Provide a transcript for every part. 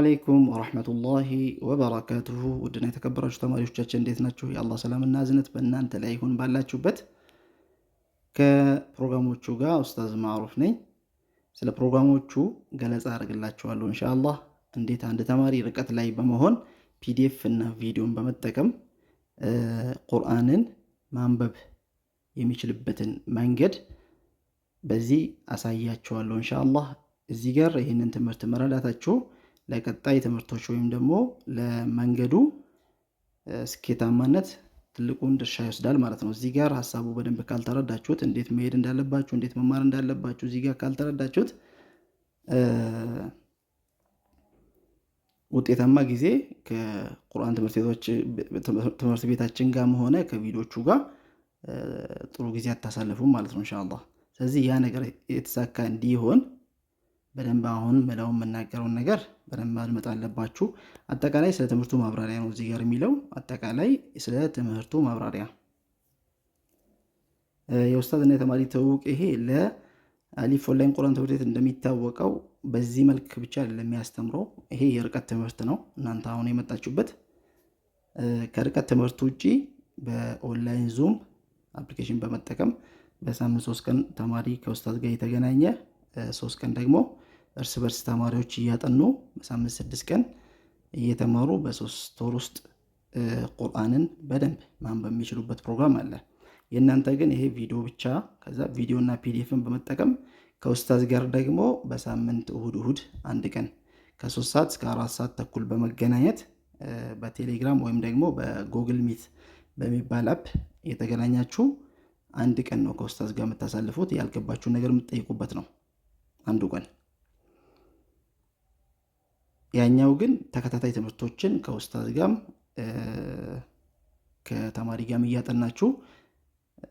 አለይኩም ወረሕመቱላሂ ወበረካቱሁ። ውድና የተከበራችሁ ተማሪዎቻችን እንዴት ናችሁ? የአላህ ሰላምና እዝነት በእናንተ ላይ ይሁን ባላችሁበት። ከፕሮግራሞቹ ጋር ኡስታዝ ማዕሩፍ ነኝ። ስለ ፕሮግራሞቹ ገለጻ አድርግላችኋለሁ ኢንሻአላህ። እንዴት አንድ ተማሪ ርቀት ላይ በመሆን ፒዲኤፍ እና ቪዲዮን በመጠቀም ቁርአንን ማንበብ የሚችልበትን መንገድ በዚህ አሳያችኋለሁ ኢንሻአላህ። እዚህ ጋር ይህንን ትምህርት መረዳታችሁ ለቀጣይ ትምህርቶች ወይም ደግሞ ለመንገዱ ስኬታማነት ትልቁን ድርሻ ይወስዳል ማለት ነው። እዚህ ጋር ሀሳቡ በደንብ ካልተረዳችሁት እንዴት መሄድ እንዳለባችሁ፣ እንዴት መማር እንዳለባችሁ እዚህ ጋር ካልተረዳችሁት ውጤታማ ጊዜ ከቁርአን ትምህርት ቤታችን ጋርም ሆነ ከቪዲዮቹ ጋር ጥሩ ጊዜ አታሳልፉም ማለት ነው እንሻላ። ስለዚህ ያ ነገር የተሳካ እንዲሆን በደንብ አሁን ምለው የምናገረውን ነገር በደንብ አድመጥ አለባችሁ። አጠቃላይ ስለ ትምህርቱ ማብራሪያ ነው እዚህ ጋር የሚለው አጠቃላይ ስለ ትምህርቱ ማብራሪያ ና የተማሪ ትውውቅ ይሄ ለአሊፍ ኦንላይን ቁርአን ትምህርት ቤት እንደሚታወቀው በዚህ መልክ ብቻ ለሚያስተምረው ይሄ የርቀት ትምህርት ነው። እናንተ አሁን የመጣችሁበት ከርቀት ትምህርት ውጭ በኦንላይን ዙም አፕሊኬሽን በመጠቀም በሳምንት ሶስት ቀን ተማሪ ከውስታዝ ጋር የተገናኘ ሶስት ቀን ደግሞ እርስ በርስ ተማሪዎች እያጠኑ በሳምንት ስድስት ቀን እየተማሩ በሶስት ወር ውስጥ ቁርአንን በደንብ ማንበብ የሚችሉበት ፕሮግራም አለ። የእናንተ ግን ይሄ ቪዲዮ ብቻ ከዛ ቪዲዮና ፒዲኤፍን በመጠቀም ከኡስታዝ ጋር ደግሞ በሳምንት እሁድ እሁድ አንድ ቀን ከሶስት ሰዓት እስከ አራት ሰዓት ተኩል በመገናኘት በቴሌግራም ወይም ደግሞ በጉግል ሚት በሚባል አፕ የተገናኛችሁ አንድ ቀን ነው ከኡስታዝ ጋር የምታሳልፉት። ያልገባችሁን ነገር የምትጠይቁበት ነው አንዱ ቀን ያኛው ግን ተከታታይ ትምህርቶችን ከውስታዝ ጋም ከተማሪ ጋም እያጠናችሁ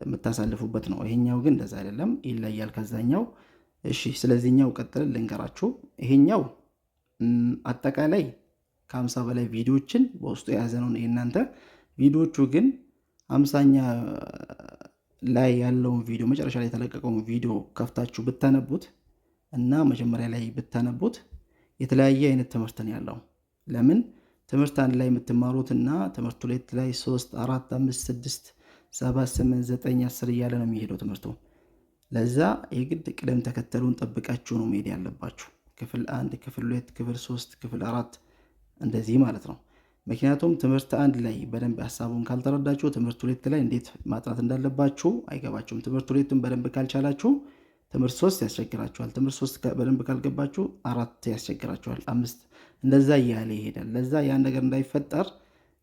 የምታሳልፉበት ነው። ይሄኛው ግን እንደዛ አይደለም፣ ይለያል ከዛኛው። እሺ፣ ስለዚህኛው ቀጥል ልንገራችሁ። ይሄኛው አጠቃላይ ከአምሳ በላይ ቪዲዮዎችን በውስጡ የያዘ ነው እናንተ ቪዲዮዎቹ ግን አምሳኛ ላይ ያለውን ቪዲዮ መጨረሻ ላይ የተለቀቀውን ቪዲዮ ከፍታችሁ ብታነቡት እና መጀመሪያ ላይ ብታነቡት የተለያየ አይነት ትምህርት ነው ያለው። ለምን ትምህርት አንድ ላይ የምትማሩት እና ትምህርት ሁለት ላይ ሶስት፣ አራት፣ አምስት፣ ስድስት፣ ሰባት፣ ስምንት፣ ዘጠኝ፣ አስር እያለ ነው የሚሄደው ትምህርቱ። ለዛ የግድ ቅደም ተከተሉን ጠብቃችሁ ነው መሄድ ያለባችሁ። ክፍል አንድ፣ ክፍል ሁለት፣ ክፍል ሶስት፣ ክፍል አራት እንደዚህ ማለት ነው። ምክንያቱም ትምህርት አንድ ላይ በደንብ ሀሳቡን ካልተረዳችሁ ትምህርት ሁለት ላይ እንዴት ማጥናት እንዳለባችሁ አይገባችሁም። ትምህርት ሁለቱን በደንብ ካልቻላችሁ ትምህርት ሶስት ያስቸግራችኋል። ትምህርት ሶስት በደንብ ካልገባችሁ አራት ያስቸግራችኋል፣ አምስት እንደዛ እያለ ይሄዳል። ለዛ ያን ነገር እንዳይፈጠር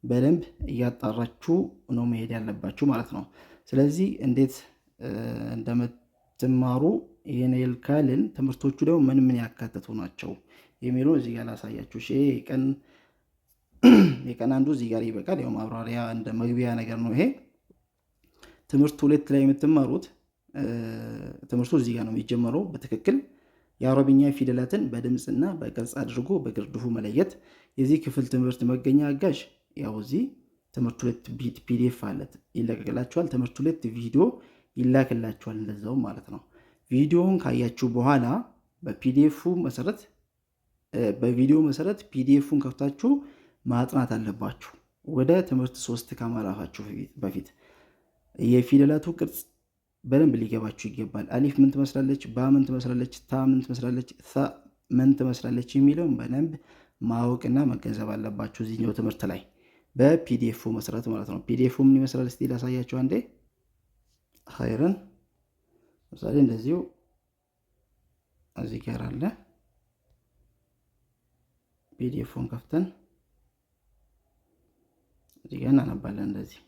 በደንብ እያጣራችሁ ነው መሄድ ያለባችሁ ማለት ነው። ስለዚህ እንዴት እንደምትማሩ ይህን ካልን ትምህርቶቹ ደግሞ ምን ምን ያካተቱ ናቸው የሚሉ እዚህ ጋር ላሳያችሁ። የቀን አንዱ እዚህ ጋር ይበቃል። ያው ማብራሪያ እንደ መግቢያ ነገር ነው ይሄ ትምህርት ሁለት ላይ የምትማሩት ትምህርቱ እዚህ ጋር ነው የሚጀመረው። በትክክል የአረብኛ ፊደላትን በድምፅና በቅርጽ አድርጎ በግርድፉ መለየት የዚህ ክፍል ትምህርት መገኛ አጋዥ ያው እዚህ ትምህርት ሁለት ፒዲኤፍ አለት ይለቀቅላችኋል። ትምህርት ሁለት ቪዲዮ ይላክላችኋል። እንደዛው ማለት ነው። ቪዲዮውን ካያችሁ በኋላ በፒዲኤፉ መሰረት በቪዲዮ መሰረት ፒዲኤፉን ከፍታችሁ ማጥናት አለባችሁ። ወደ ትምህርት ሶስት ከማላፋችሁ በፊት የፊደላቱ ቅርጽ በደንብ ሊገባችሁ ይገባል። አሊፍ ምን ትመስላለች፣ ባ ምን ትመስላለች፣ ታ ምን ትመስላለች፣ ታ ምን ትመስላለች የሚለውን በደንብ ማወቅና መገንዘብ አለባችሁ እዚህኛው ትምህርት ላይ በፒዲኤፉ መሰረት ማለት ነው። ፒዲኤፉ ምን ይመስላል እስቲ ላሳያችሁ አንዴ። ሀይርን ለምሳሌ እንደዚሁ እዚህ ጋር አለ። ፒዲኤፉን ከፍተን እዚህ ጋር እናነባለን። እንደዚህ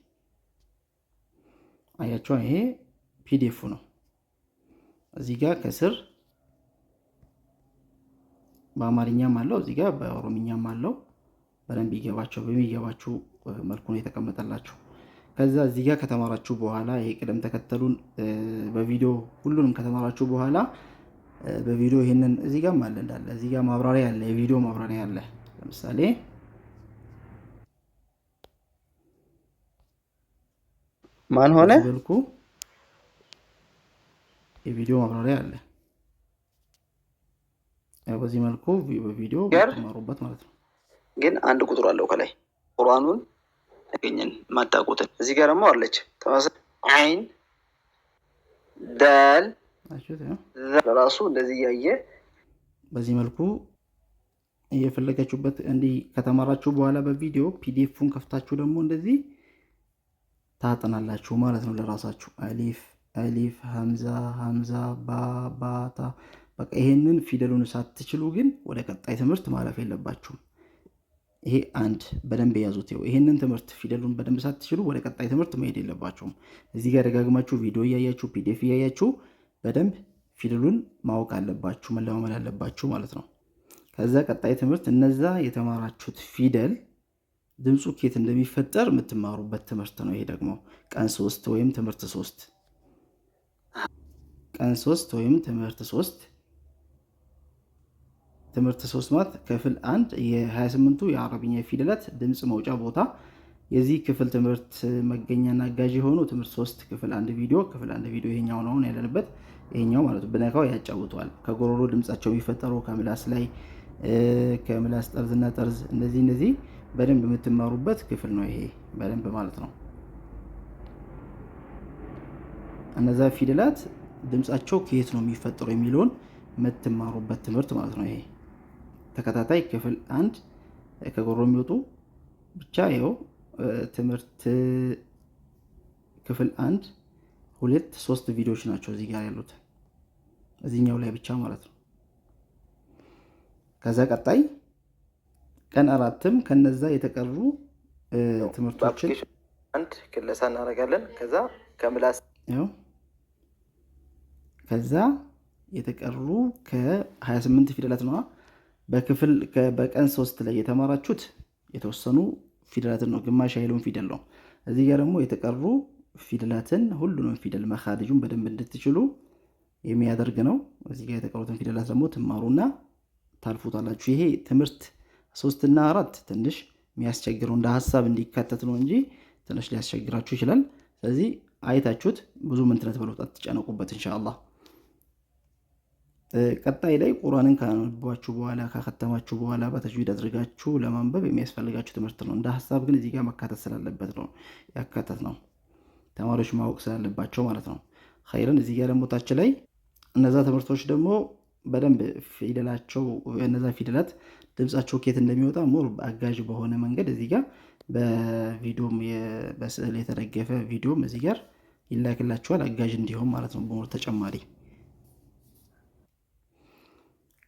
አያችኋ ይሄ ፒዲኤፉ ነው። እዚህ ጋር ከስር በአማርኛም አለው፣ እዚህ ጋር በኦሮምኛም አለው። በደንብ ይገባቸው በሚገባችሁ መልኩ ነው የተቀመጠላችሁ። ከዛ እዚህ ጋር ከተማራችሁ በኋላ ይሄ ቅደም ተከተሉን በቪዲዮ ሁሉንም ከተማራችሁ በኋላ በቪዲዮ ይሄንን እዚህ ጋር አለ እንዳለ እዚህ ጋር ማብራሪያ አለ፣ የቪዲዮ ማብራሪያ አለ። ለምሳሌ ማን ሆነ የቪዲዮ ማብራሪያ አለ። በዚህ መልኩ በቪዲዮ ማሩበት ማለት ነው። ግን አንድ ቁጥር አለው ከላይ ቁርአኑን ያገኘን ማጣቁትን እዚህ ጋር ደግሞ አለች አይን ዳል ራሱ እንደዚህ እያየ በዚህ መልኩ እየፈለጋችሁበት እንዲህ ከተማራችሁ በኋላ በቪዲዮ ፒዲኤፉን ከፍታችሁ ደግሞ እንደዚህ ታጥናላችሁ ማለት ነው። ለራሳችሁ አሊፍ አሊፍ፣ ሀምዛ፣ ሀምዛ፣ ባባታ በቃ ይሄንን ፊደሉን ሳትችሉ ግን ወደ ቀጣይ ትምህርት ማለፍ የለባችሁም። ይሄ አንድ በደንብ የያዙት ይኸው። ይሄንን ትምህርት ፊደሉን በደንብ ሳትችሉ ወደ ቀጣይ ትምህርት መሄድ የለባችሁም። እዚህ ጋር ደጋግማችሁ ቪዲዮ እያያችሁ ፒዲኤፍ እያያችሁ በደንብ ፊደሉን ማወቅ አለባችሁ፣ መለማመድ አለባችሁ ማለት ነው። ከዛ ቀጣይ ትምህርት እነዛ የተማራችሁት ፊደል ድምፁ ኬት እንደሚፈጠር የምትማሩበት ትምህርት ነው። ይሄ ደግሞ ቀን ሶስት ወይም ትምህርት ሶስት ቀን ሶስት ወይም ትምህርት ሶስት ትምህርት ሶስት ማለት ክፍል አንድ የ28ቱ የአረብኛ ፊደላት ድምፅ መውጫ ቦታ የዚህ ክፍል ትምህርት መገኛና አጋዥ የሆኑ ትምህርት ሶስት ክፍል አንድ ቪዲዮ ክፍል አንድ ቪዲዮ ይሄኛው ነው ያለንበት። ይሄኛው ማለት ብነካው ያጫውተዋል። ከጎሮሮ ድምጻቸው የሚፈጠሩ ከምላስ ላይ ከምላስ ጠርዝና ጠርዝ እነዚህ እነዚህ በደንብ የምትማሩበት ክፍል ነው። ይሄ በደንብ ማለት ነው እነዛ ፊደላት ድምጻቸው ከየት ነው የሚፈጠረው የሚለውን የምትማሩበት ትምህርት ማለት ነው። ይሄ ተከታታይ ክፍል አንድ ከጎሮ የሚወጡ ብቻ ይኸው ትምህርት ክፍል አንድ ሁለት ሶስት ቪዲዮዎች ናቸው እዚህ ጋር ያሉት እዚህኛው ላይ ብቻ ማለት ነው። ከዛ ቀጣይ ቀን አራትም ከነዛ የተቀሩ ትምህርቶችን አንድ ክለሳ እናደርጋለን። ከዛ ከምላስ ከዛ የተቀሩ ከ28 ፊደላት ነዋ። በክፍል በቀን ሶስት ላይ የተማራችሁት የተወሰኑ ፊደላትን ነው፣ ግማሽ ያህሉን ፊደል ነው። እዚህ ጋር ደግሞ የተቀሩ ፊደላትን ሁሉንም ፊደል መካልጁን በደንብ እንድትችሉ የሚያደርግ ነው። እዚህ ጋር የተቀሩትን ፊደላት ደግሞ ትማሩና ታልፉታላችሁ። ይሄ ትምህርት ሶስትና አራት ትንሽ የሚያስቸግረው እንደ ሀሳብ እንዲካተት ነው እንጂ ትንሽ ሊያስቸግራችሁ ይችላል። ስለዚህ አይታችሁት ብዙ ምንትነት በለውጣት ትጨነቁበት እንሻ አላህ ቀጣይ ላይ ቁርአንን ካነባችሁ በኋላ ካከተማችሁ በኋላ በተጅዊድ አድርጋችሁ ለማንበብ የሚያስፈልጋችሁ ትምህርት ነው። እንደ ሀሳብ ግን እዚህ ጋር መካተት ስላለበት ነው ያካተት ነው። ተማሪዎች ማወቅ ስላለባቸው ማለት ነው። ኸይርን እዚህ ጋር ደግሞ ታች ላይ እነዛ ትምህርቶች ደግሞ በደንብ ፊደላቸው እነዛ ፊደላት ድምፃቸው ኬት እንደሚወጣ ሞር አጋዥ በሆነ መንገድ እዚህ ጋር በቪዲዮም በስዕል የተደገፈ ቪዲዮም እዚህ ጋር ይላክላችኋል አጋዥ እንዲሆን ማለት ነው። በሞር ተጨማሪ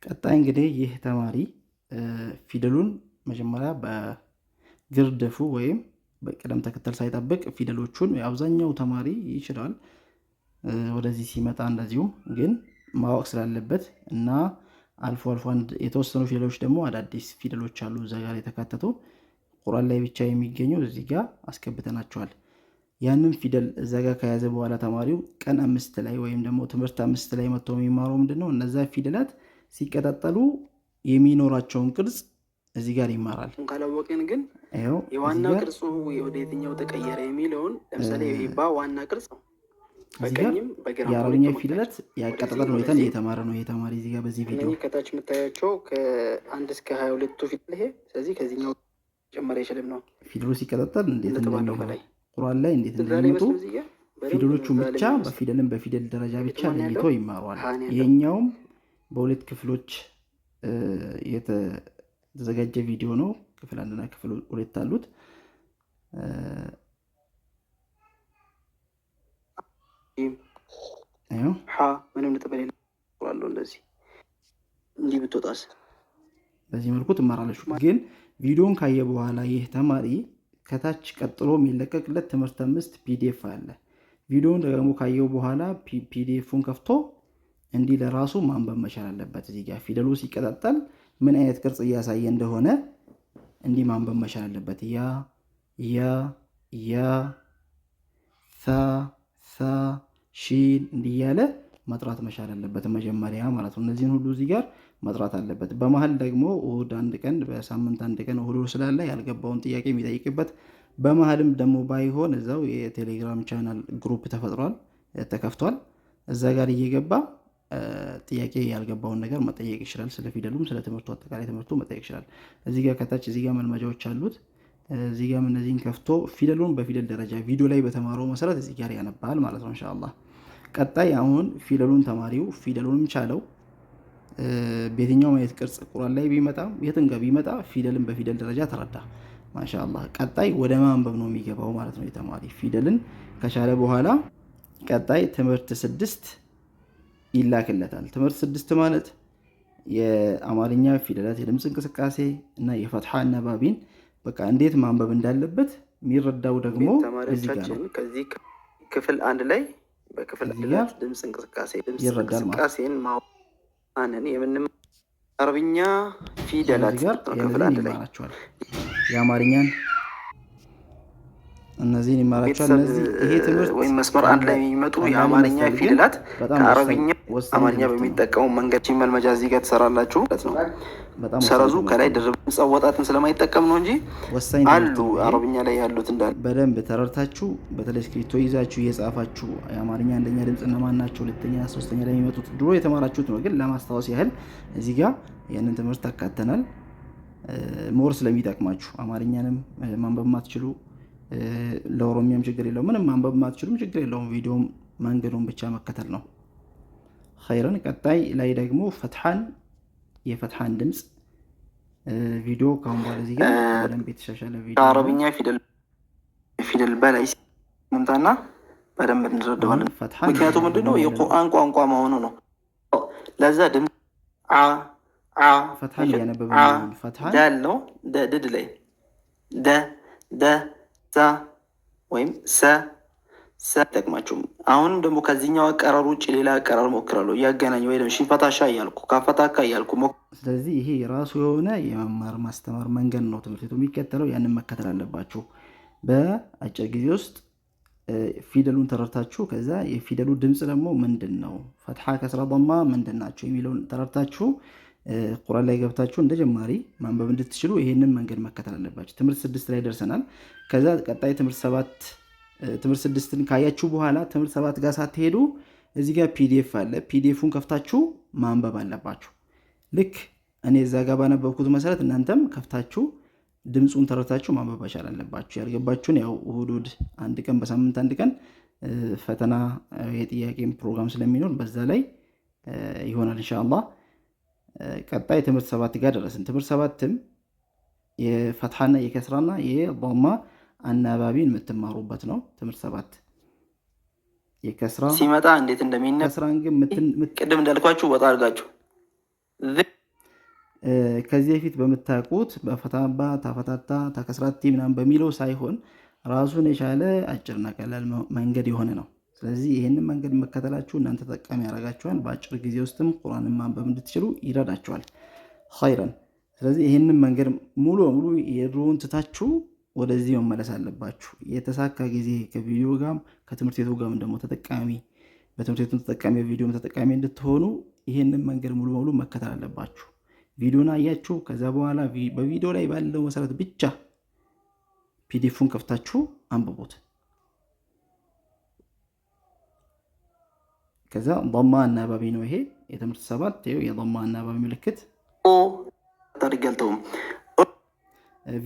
ቀጣይ እንግዲህ ይህ ተማሪ ፊደሉን መጀመሪያ በግርድፉ ወይም በቅደም ተከተል ሳይጠብቅ ፊደሎቹን አብዛኛው ተማሪ ይችላል። ወደዚህ ሲመጣ እንደዚሁም ግን ማወቅ ስላለበት እና አልፎ አልፎ አንድ የተወሰኑ ፊደሎች ደግሞ አዳዲስ ፊደሎች አሉ እዛ ጋር የተካተቱ ቁራን ላይ ብቻ የሚገኙ እዚህ ጋር አስገብተናቸዋል። ያንን ፊደል እዛ ጋር ከያዘ በኋላ ተማሪው ቀን አምስት ላይ ወይም ደግሞ ትምህርት አምስት ላይ መጥቶ የሚማረው ምንድነው እነዛ ፊደላት ሲቀጣጠሉ የሚኖራቸውን ቅርጽ እዚህ ጋር ይማራል። ካላወቅን ግን የዋና ቅርጹ ወደ የትኛው ተቀየረ የሚለውን ለምሳሌ ባ ዋና ቅርጽ ነው። የአረብኛ ፊደላት የአቀጣጠል ሁኔታን እየተማረ ነው የተማሪ እዚህ ጋር በዚህ ቪዲዮ ከታች የምታያቸው ከአንድ እስከ ሀያ ሁለቱ ፊደል ይሄ ስለዚህ ከዚህኛው ጨመር አይችልም ነው ፊደሉ ሲቀጣጠል እንዴት እንደሚሆን ቁርአን ላይ እንዴት እንደሚመጡ ፊደሎቹን ብቻ በፊደልን በፊደል ደረጃ ብቻ ለይቶ ይማሯል። ይሄኛውም በሁለት ክፍሎች የተዘጋጀ ቪዲዮ ነው። ክፍል አንድና ክፍል ሁለት አሉት። ምንም ነጥብ ሌለው እንደዚህ እንዲህ ብትወጣስ በዚህ መልኩ ትማራለች። ግን ቪዲዮን ካየ በኋላ ይህ ተማሪ ከታች ቀጥሎ የሚለቀቅለት ትምህርት አምስት ፒዲኤፍ አለ። ቪዲዮን ደግሞ ካየው በኋላ ፒዲኤፉን ከፍቶ እንዲህ ለራሱ ማንበብ መቻል አለበት። እዚህ ጋር ፊደሉ ሲቀጣጠል ምን አይነት ቅርጽ እያሳየ እንደሆነ እንዲህ ማንበብ መቻል አለበት። ያ ያ ያ ሳ ሳ ሺን እንዲህ እያለ መጥራት መቻል አለበት መጀመሪያ ማለት ነው። እነዚህን ሁሉ እዚህ ጋር መጥራት አለበት። በመሀል ደግሞ እሑድ አንድ ቀን በሳምንት አንድ ቀን እሑድ ስላለ ያልገባውን ጥያቄ የሚጠይቅበት በመሀልም ደግሞ ባይሆን እዛው የቴሌግራም ቻናል ግሩፕ ተፈጥሯል ተከፍቷል። እዛ ጋር እየገባ ጥያቄ ያልገባውን ነገር መጠየቅ ይችላል። ስለ ፊደሉም ስለ ትምህርቱ አጠቃላይ ትምህርቱ መጠየቅ ይችላል። እዚህ ጋር ከታች እዚህ ጋር መልመጃዎች አሉት። እዚህ ጋም እነዚህን ከፍቶ ፊደሉን በፊደል ደረጃ ቪዲዮ ላይ በተማረው መሰረት እዚህ ጋር ያነባል ማለት ነው እንሻላ ቀጣይ አሁን ፊደሉን ተማሪው ፊደሉንም ቻለው በየትኛውም ማየት ቅርጽ ቁራን ላይ ቢመጣ የትን ጋር ቢመጣ ፊደልን በፊደል ደረጃ ተረዳ። ማሻአላህ ቀጣይ ወደ ማንበብ ነው የሚገባው ማለት ነው የተማሪ ፊደልን ከቻለ በኋላ ቀጣይ ትምህርት ስድስት ይላክለታል። ትምህርት ስድስት ማለት የአማርኛ ፊደላት የድምፅ እንቅስቃሴ እና የፈትሐ አናባቢን በቃ እንዴት ማንበብ እንዳለበት የሚረዳው ደግሞ እዚህ ጋር ነው። ከዚህ ክፍል አንድ ላይ በክፍል ድምፅ እንቅስቃሴ ይረዳል ማለት የምንም አረብኛ ፊደላት የአማርኛን እነዚህን ይማራቸዋል። እነዚህ ይሄ ትምህርት ወይም መስመር አንድ ላይ የሚመጡ የአማርኛ ፊደላት ከአረብኛ አማርኛ በሚጠቀሙ መንገድ መልመጃ እዚህ ጋር ትሰራላችሁ ማለት ነው። ሰረዙ ከላይ ድርብ ጸወጣትን ስለማይጠቀም ነው እንጂ አሉ አረብኛ ላይ ያሉት እንዳለ በደንብ ተረድታችሁ፣ በተለይ እስክሪብቶ ይዛችሁ እየጻፋችሁ የአማርኛ አንደኛ ድምፅ እነማን ናቸው፣ ሁለተኛ ሶስተኛ ላይ የሚመጡት ድሮ የተማራችሁት ነው፣ ግን ለማስታወስ ያህል እዚህ ጋር ያንን ትምህርት አካተናል። ሞር ስለሚጠቅማችሁ አማርኛንም ማንበብ ማትችሉ ለኦሮሚያም ችግር የለውም። ምንም ማንበብ ማትችሉም ችግር የለውም። ቪዲዮም መንገዱን ብቻ መከተል ነው። ኸይረን ቀጣይ ላይ ደግሞ ፈትሐን የፈትሐን ድምፅ ቪዲዮ ካሁን በኋላ እዚህ ጋር በደንብ የተሻሻለ ቪዲዮ አረብኛ ፊደል በላይ መምጣና በደንብ እንረዳዋለን። ምክንያቱም ምንድነው የቁርአን ቋንቋ መሆኑ ነው። ለዛ ድምፅ አ አ ፈትሐን እያነበበ ፈትሐን ዳል ነው ድድ ላይ ደ ደ ዛ ወይም ሰ አይጠቅማችሁም። አሁን ደግሞ ከዚህኛው አቀራር ውጭ ሌላ አቀራር ሞክራለሁ እያገናኝ ወይ ደግሞ ሽንፈታሻ እያልኩ ካፈታካ እያልኩ ስለዚህ ይሄ የራሱ የሆነ የመማር ማስተማር መንገድ ነው ትምህርት ቤቱ የሚከተለው። ያንን መከተል አለባችሁ። በአጭር ጊዜ ውስጥ ፊደሉን ተረድታችሁ ከዛ የፊደሉ ድምፅ ደግሞ ምንድን ነው ፈትሓ፣ ከስራ፣ ማ ምንድን ናቸው የሚለውን ተረድታችሁ ቁራን ላይ ገብታችሁ እንደ ጀማሪ ማንበብ እንድትችሉ ይህንን መንገድ መከተል አለባቸው ትምህርት ስድስት ላይ ደርሰናል። ከዛ ቀጣይ ትምህርት ሰባት ትምህርት ስድስትን ካያችሁ በኋላ ትምህርት ሰባት ጋር ሳትሄዱ እዚህ ጋር ፒዲኤፍ አለ። ፒዲኤፉን ከፍታችሁ ማንበብ አለባችሁ። ልክ እኔ እዛ ጋር ባነበብኩት መሰረት እናንተም ከፍታችሁ ድምፁን ተረታችሁ ማንበብ መቻል አለባችሁ። ያልገባችሁን ያው እሑድ አንድ ቀን በሳምንት አንድ ቀን ፈተና የጥያቄ ፕሮግራም ስለሚኖር በዛ ላይ ይሆናል እንሻላ። ቀጣይ ትምህርት ሰባት ጋር ደረስን። ትምህርት ሰባትም የፈትሐና የከስራና የማ አናባቢን የምትማሩበት ነው። ትምህርት ሰባት የከስራ ሲመጣ እንዴት እንደሚነስራን ግን ቅድም እንዳልኳችሁ ወጣ አድርጋችሁ ከዚህ በፊት በምታውቁት በፈታባ ታፈታታ ታከስራቲ ምናምን በሚለው ሳይሆን ራሱን የቻለ አጭርና ቀላል መንገድ የሆነ ነው። ስለዚህ ይህንን መንገድ መከተላችሁ እናንተ ተጠቃሚ ያደርጋችኋል። በአጭር ጊዜ ውስጥም ቁርአንን ማንበብ እንድትችሉ ይረዳችኋል። ኸይረን። ስለዚህ ይህንን መንገድ ሙሉ በሙሉ የድሮውን ትታችሁ ወደዚህ መመለስ አለባችሁ። የተሳካ ጊዜ ከቪዲዮ ጋም ከትምህርት ቤቱ ጋም ደግሞ ተጠቃሚ በትምህርት ቤቱ ተጠቃሚ ቪዲዮ ተጠቃሚ እንድትሆኑ ይህንን መንገድ ሙሉ በሙሉ መከተል አለባችሁ። ቪዲዮን አያችሁ፣ ከዛ በኋላ በቪዲዮ ላይ ባለው መሰረት ብቻ ፒዲፉን ከፍታችሁ አንብቡት። ከዛ ማ አናባቢ ነው ይሄ የትምህርት ሰባት የማ አናባቢ ምልክት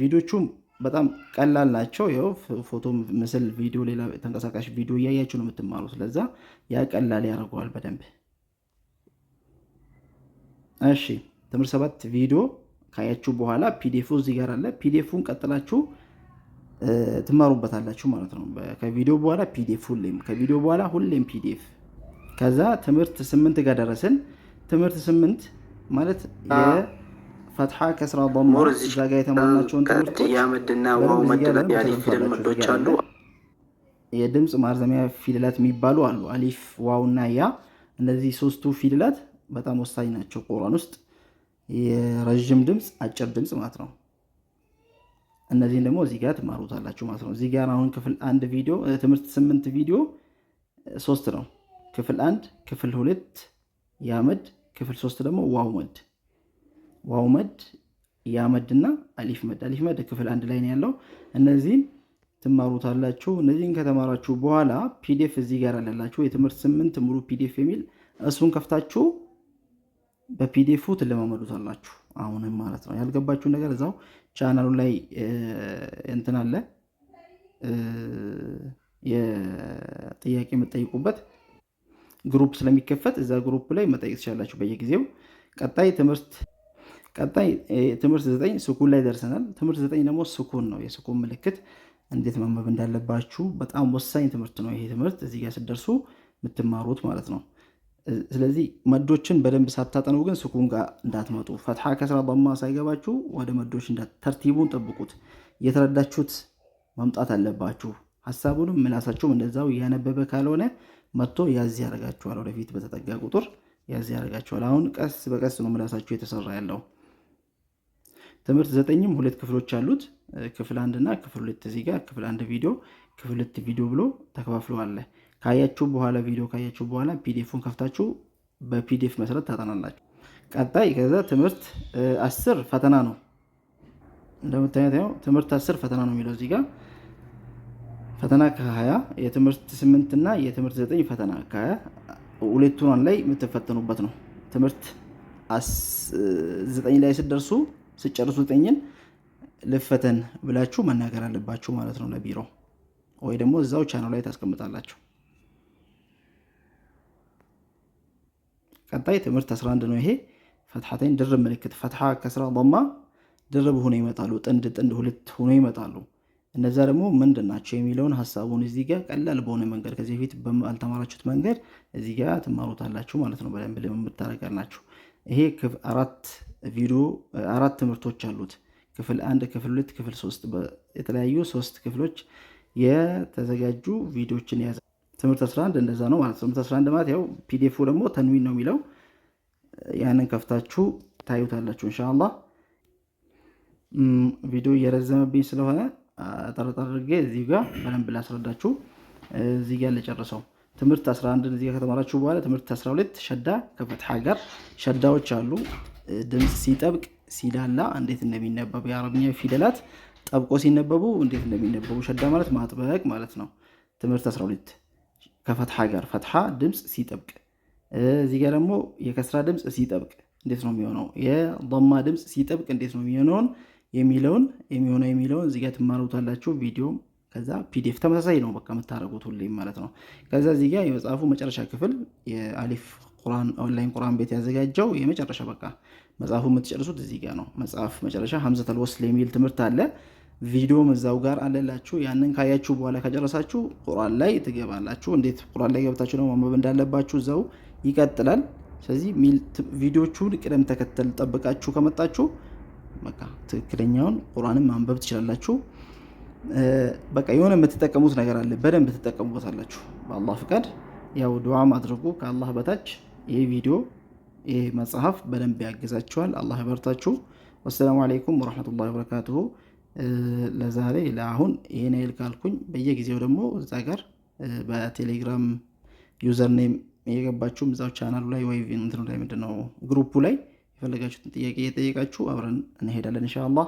ቪዲዮቹም በጣም ቀላል ናቸው። ይኸው ፎቶ፣ ምስል፣ ቪዲዮ፣ ሌላ ተንቀሳቃሽ ቪዲዮ እያያችሁ ነው የምትማሩ። ስለዛ ያ ቀላል ያደርገዋል በደንብ። እሺ ትምህርት ሰባት ቪዲዮ ካያችሁ በኋላ ፒዲፉ እዚህ ጋር አለ። ፒዲፉን ቀጥላችሁ ትማሩበታላችሁ ማለት ነው። ከቪዲዮ በኋላ ፒዲፍ ሁሌም፣ ከቪዲዮ በኋላ ሁሌም ፒዲፍ። ከዛ ትምህርት ስምንት ጋር ደረስን። ትምህርት ስምንት ማለት ፈትሓ ከስራ ማ እዛ ጋ የተማርናቸውን ትምህርቶችያመድና ፊደል ምዶች አሉ። የድምፅ ማርዘሚያ ፊደላት የሚባሉ አሉ። አሊፍ፣ ዋው እና ያ። እነዚህ ሶስቱ ፊደላት በጣም ወሳኝ ናቸው ቁርአን ውስጥ የረዥም ድምፅ፣ አጭር ድምፅ ማለት ነው። እነዚህን ደግሞ እዚህ ጋር ትማሩታላችሁ ማለት ነው። እዚህ ጋር አሁን ክፍል አንድ ቪዲዮ ትምህርት ስምንት ቪዲዮ ሶስት ነው። ክፍል አንድ ክፍል ሁለት ያመድ ክፍል ሶስት ደግሞ ዋው መድ ዋው መድ ያ መድ እና አሊፍ መድ አሊፍ መድ ክፍል አንድ ላይ ነው ያለው። እነዚህን ትማሩታላችሁ። እነዚህን ከተማራችሁ በኋላ ፒዲኤፍ እዚህ ጋር አለላችሁ የትምህርት ስምንት ሙሉ ፒዲኤፍ የሚል እሱን ከፍታችሁ በፒዲኤፉ ትለማመዱታላችሁ። አሁንም ማለት ነው ያልገባችሁ ነገር እዛው ቻናሉ ላይ እንትን አለ የጥያቄ የምጠይቁበት ግሩፕ ስለሚከፈት እዛ ግሩፕ ላይ መጠየቅ ትችላላችሁ በየጊዜው ቀጣይ ትምህርት ቀጣይ ትምህርት ዘጠኝ ስኩን ላይ ደርሰናል። ትምህርት ዘጠኝ ደግሞ ስኩን ነው። የስኩን ምልክት እንዴት ማንበብ እንዳለባችሁ በጣም ወሳኝ ትምህርት ነው ይሄ ትምህርት እዚህ ጋር ስትደርሱ የምትማሩት ማለት ነው። ስለዚህ መዶችን በደንብ ሳታጠኑ ግን ስኩን ጋር እንዳትመጡ፣ ፈትሐ ከስራ በማ ሳይገባችሁ ወደ መዶች ተርቲቡን ጠብቁት። እየተረዳችሁት መምጣት አለባችሁ። ሀሳቡንም ምላሳችሁም እንደዛው እያነበበ ካልሆነ መጥቶ ያዝ ያደርጋችኋል። ወደፊት በተጠጋ ቁጥር ያዝ ያደርጋችኋል። አሁን ቀስ በቀስ ነው ምላሳችሁ የተሰራ ያለው። ትምህርት ዘጠኝም ሁለት ክፍሎች አሉት። ክፍል አንድ እና ክፍል ሁለት እዚህ ጋር ክፍል አንድ ቪዲዮ፣ ክፍል ሁለት ቪዲዮ ብሎ ተከፋፍሎ አለ። ካያችሁ በኋላ ቪዲዮ ካያችሁ በኋላ ፒዲኤፉን ከፍታችሁ በፒዲኤፍ መሰረት ታጠናላችሁ። ቀጣይ ከዛ ትምህርት አስር ፈተና ነው። እንደምታዩት ያው ትምህርት አስር ፈተና ነው የሚለው እዚህ ጋር ፈተና ከሀያ የትምህርት ስምንት እና የትምህርት ዘጠኝ ፈተና ከ ሁለቱን ላይ የምትፈተኑበት ነው። ትምህርት ዘጠኝ ላይ ስትደርሱ ስጨርሱ ጠኝን ልፈተን ብላችሁ መናገር አለባችሁ ማለት ነው ለቢሮ ወይ ደግሞ እዛው ቻናል ላይ ታስቀምጣላችሁ። ቀጣይ ትምህርት 11 ነው ይሄ። ፈትሐተኝ ድር ምልክት ፈትሐ፣ ከስራ፣ ማ ድርብ ሆኖ ይመጣሉ። ጥንድ ጥንድ ሁለት ሆኖ ይመጣሉ። እነዛ ደግሞ ምንድን ናቸው የሚለውን ሀሳቡን እዚህ ጋር ቀላል በሆነ መንገድ ከዚህ በፊት አልተማራችሁት መንገድ እዚህ ጋር ትማሩታላችሁ ማለት ነው። በደንብ ልምምድ ታደርጋላችሁ። ይሄ አራት ቪዲዮ አራት ትምህርቶች አሉት። ክፍል አንድ፣ ክፍል ሁለት፣ ክፍል ሶስት የተለያዩ ሶስት ክፍሎች የተዘጋጁ ቪዲዮችን የያዘ ትምህርት 11 እንደዛ ነው ማለት ትምህርት 11 ማለት ያው ፒዲኤፉ ደግሞ ተንዊን ነው የሚለው ያንን ከፍታችሁ ታዩታላችሁ እንሻላ። ቪዲዮ እየረዘመብኝ ስለሆነ ጠርጠር አድርጌ እዚህ ጋር በደንብ ላስረዳችሁ እዚህ ጋር ልጨርሰው። ትምህርት 11 እዚህ ከተማራችሁ በኋላ ትምህርት 12 ሸዳ ከፈትሃ ጋር ሸዳዎች አሉ። ድምፅ ሲጠብቅ ሲላላ እንዴት እንደሚነበቡ የአረብኛ ፊደላት ጠብቆ ሲነበቡ እንዴት እንደሚነበቡ ሸዳ ማለት ማጥበቅ ማለት ነው። ትምህርት 12 ከፈትሃ ጋር ፈትሓ ድምፅ ሲጠብቅ፣ እዚህ ጋር ደግሞ የከስራ ድምፅ ሲጠብቅ እንዴት ነው የሚሆነው? የማ ድምፅ ሲጠብቅ እንዴት ነው የሚሆነውን የሚለውን የሚሆነው የሚለውን እዚጋ ትማሩታላችሁ ቪዲዮ ከዛ ፒዲኤፍ ተመሳሳይ ነው በቃ የምታደረጉት ሁሌም ማለት ነው። ከዛ እዚህ ጋር የመጽሐፉ መጨረሻ ክፍል የአሊፍ ቁርአን ኦንላይን ቁርአን ቤት ያዘጋጀው የመጨረሻ በቃ መጽሐፉ የምትጨርሱት እዚህ ጋር ነው። መጽሐፍ መጨረሻ ሀምዘተል ወስል የሚል ትምህርት አለ። ቪዲዮም እዛው ጋር አለላችሁ። ያንን ካያችሁ በኋላ ከጨረሳችሁ ቁርአን ላይ ትገባላችሁ። እንዴት ቁርአን ላይ ገብታችሁ ነው ማንበብ እንዳለባችሁ እዛው ይቀጥላል። ስለዚህ ቪዲዮቹን ቅደም ተከተል ጠብቃችሁ ከመጣችሁ በቃ ትክክለኛውን ቁርአንን ማንበብ ትችላላችሁ። በቃ የሆነ የምትጠቀሙት ነገር አለ። በደንብ ትጠቀሙበታላችሁ በአላህ ፍቃድ። ያው ዱዓም አድርጉ ከአላህ በታች። ይህ ቪዲዮ ይህ መጽሐፍ በደንብ ያግዛችኋል። አላህ ይበርታችሁ። ወሰላሙ አለይኩም ወረሕመቱላሂ ወበረካቱሁ። ለዛሬ ለአሁን ይህን ይል ካልኩኝ፣ በየጊዜው ደግሞ እዛ ጋር በቴሌግራም ዩዘር እየገባችሁ እዛው ቻናሉ ላይ ወይ እንትኑ ላይ ምንድን ነው ግሩፑ ላይ የፈለጋችሁትን ጥያቄ እየጠየቃችሁ አብረን እንሄዳለን ኢንሻአላህ።